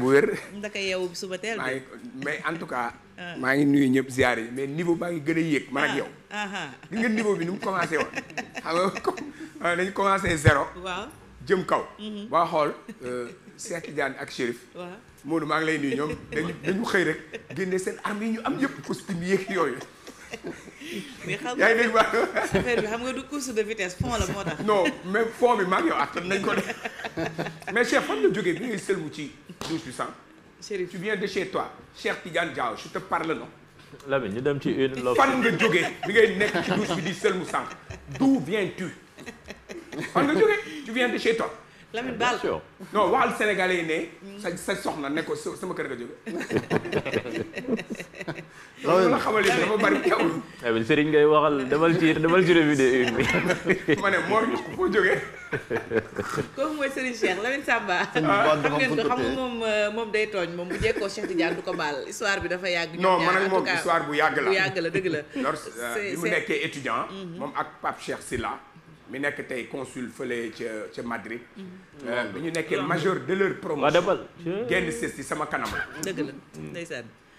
bu wér. ndaka yeewu suba teel mais en tout cas. Ah. maa ngi nuyu ñëpp ziar yi mais niveau baa ngi gën a yéeg. man ak ah, yow. di ah, nga niveau bi ni mu commencé woon xam nga comme dañu commencé zéro. jëm kaw. Mhm. waa xool euh, Cheikh Tidiane ak Chérif. waaw maa ngi lay nuyu ñoom dañu dañu xëy rek génne seen armes ñu am yëpp costume yéeg yooyu. mais xam xam nga du course de vitesse fond la moo tax. non mais fond bi maa ngi yow attan nañ ko de mais Cheikh fan la jógee bi ngay sëlmu ci. 12%. Chérif tu viens de chez toi cher Tidiane Diao, je te parle non. Lamine ñu dem ci une loque. fan nga jógee bi ngay nekk ci douche bi di seul Moussan. d'où viens-tu fan nga jógee tu viens de chez toi. Lamine Baal non waxal sénégalais yi sa soxla soxna sama kër ga jóge. loolu la xamal léegi dafa bari taw. tamit Serigne ngay waxal demal ci demal ci revue de une bi. ma ko xam nga moom euh, moom tooñ moom bu jekkoo Cheikh Tidiane du ko baal histoire bi dafa yàgg. non man ak moom bu yàgg la bu yàgg la dëgg la. Euh, c'est bi mu nekkee étudiant. Mhm. moom ak Pape Cheikh Sylla mi nek tey consul fële ca ca Madrid. Mhm. Euh, bi ñu nekkee major de leur promotion. génn sës ci sama kanam la. dëgg la mm. ndeysaan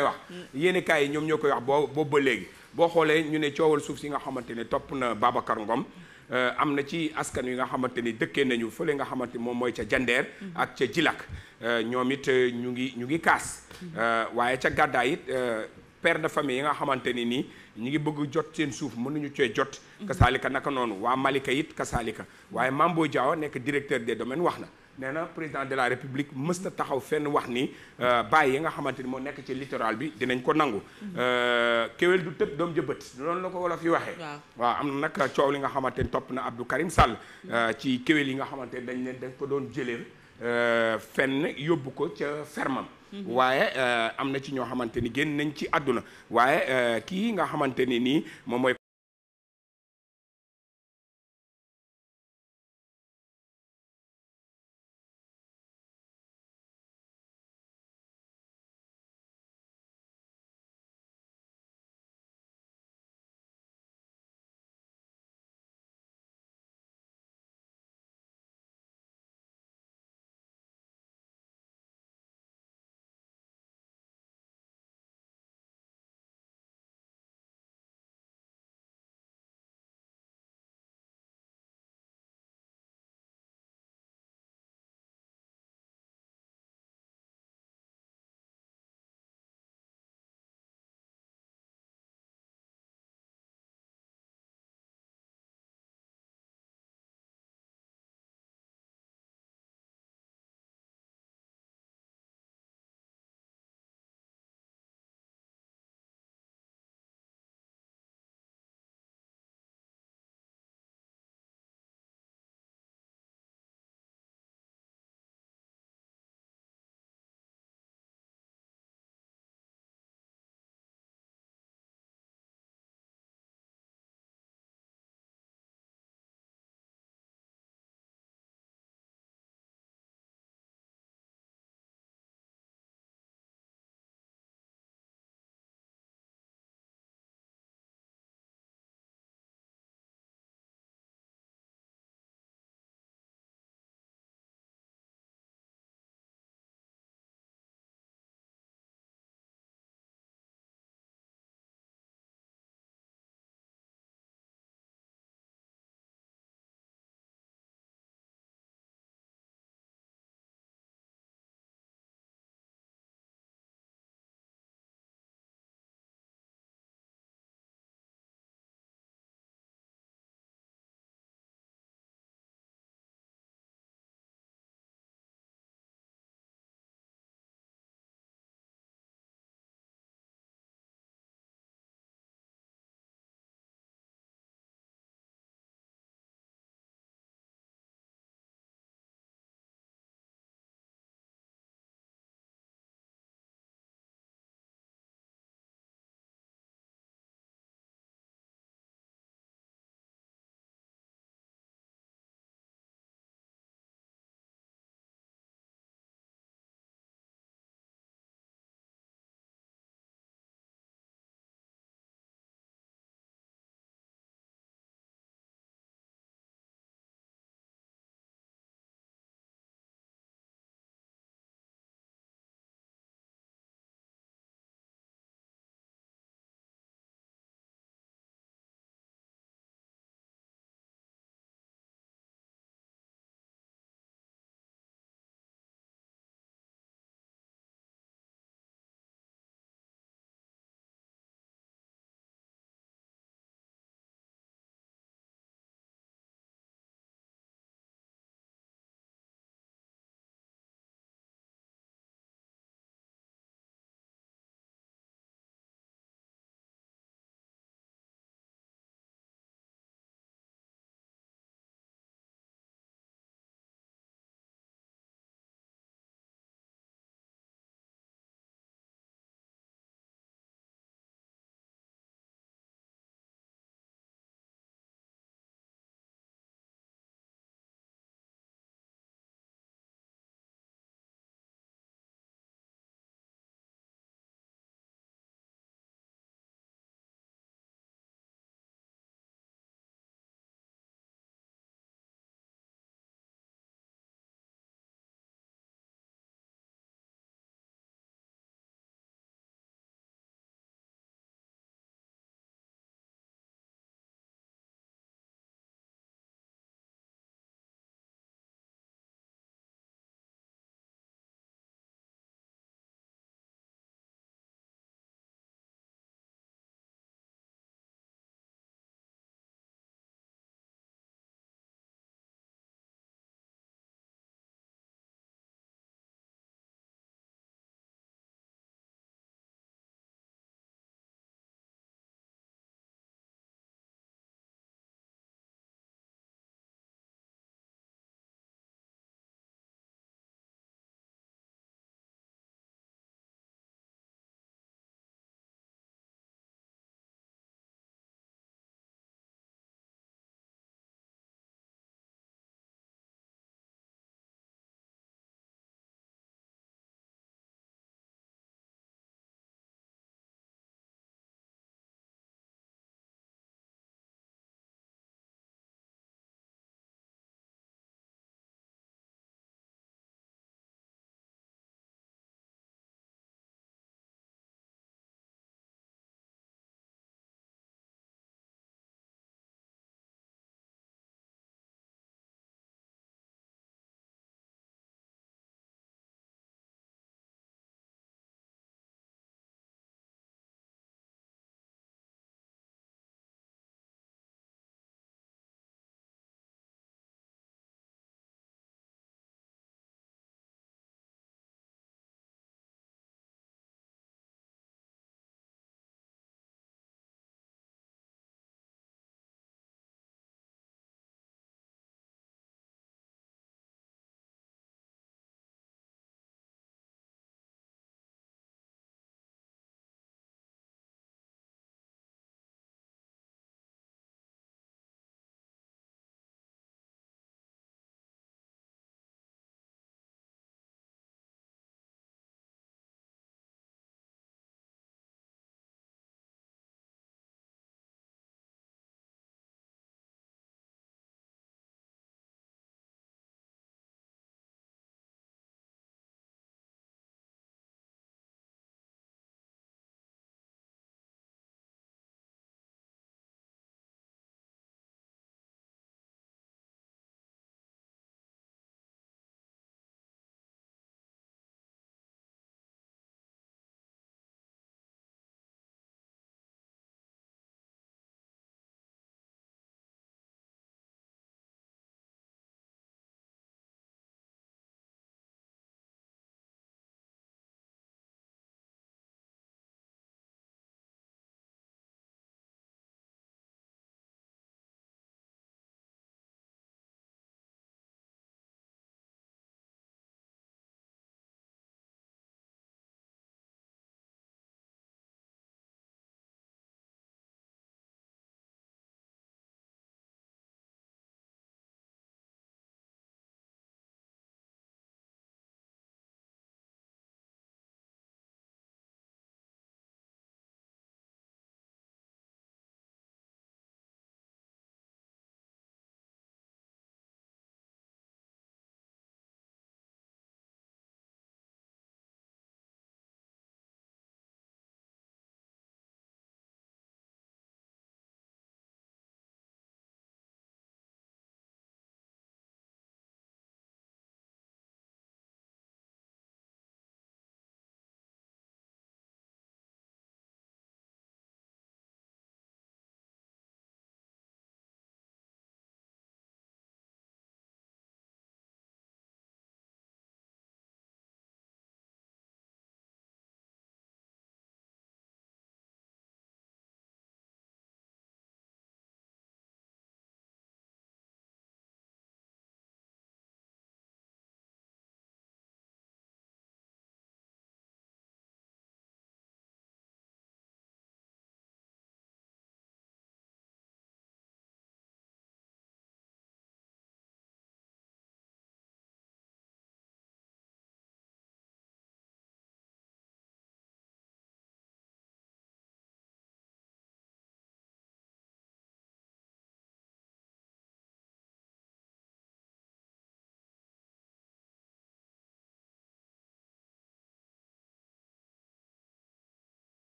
koy wax yéenekaay yi ñoom ñoo koy wax boo boobu ba léegi boo xoolee ñu ne coowal suuf si nga xamante ne topp na Babacar Ngom euh, am na ci askan wi nga xamante ni dëkkee nañu fële nga xamante moom mooy ca jandeer ak ca jilak euh, ñoom it euh, ñu ngi ñu ngi kaas waaye ca gàddaay it père de famille yi nga xamante ni nii ñu ngi bëgg jot seen suuf mën mënuñu cee jot mhm. kasaalika naka noonu waa Malika it kasaalika waaye Mambo Diaw nekk directeur de domaines wax na nee na président de la république mësta taxaw fenn wax ni euh, bàyyi yi nga xamante ni moo nekk ci littoral bi dinañ ko nangu mhm. euh, kéwél du tëb doom jëbët loolu la ko wolof yi waxee waa am na nag coow li nga xamante ni topp na Abdou Karim Sall mhm. euh, ci kéwél yi nga xamante ni dañ leen dañ ko doon jëlee fenn yóbbu ko ca fermam mhm. waaye am na ci ñoo xamante ni génn nañ ci àdduna waaye kii nga xamante ni nii moom mooy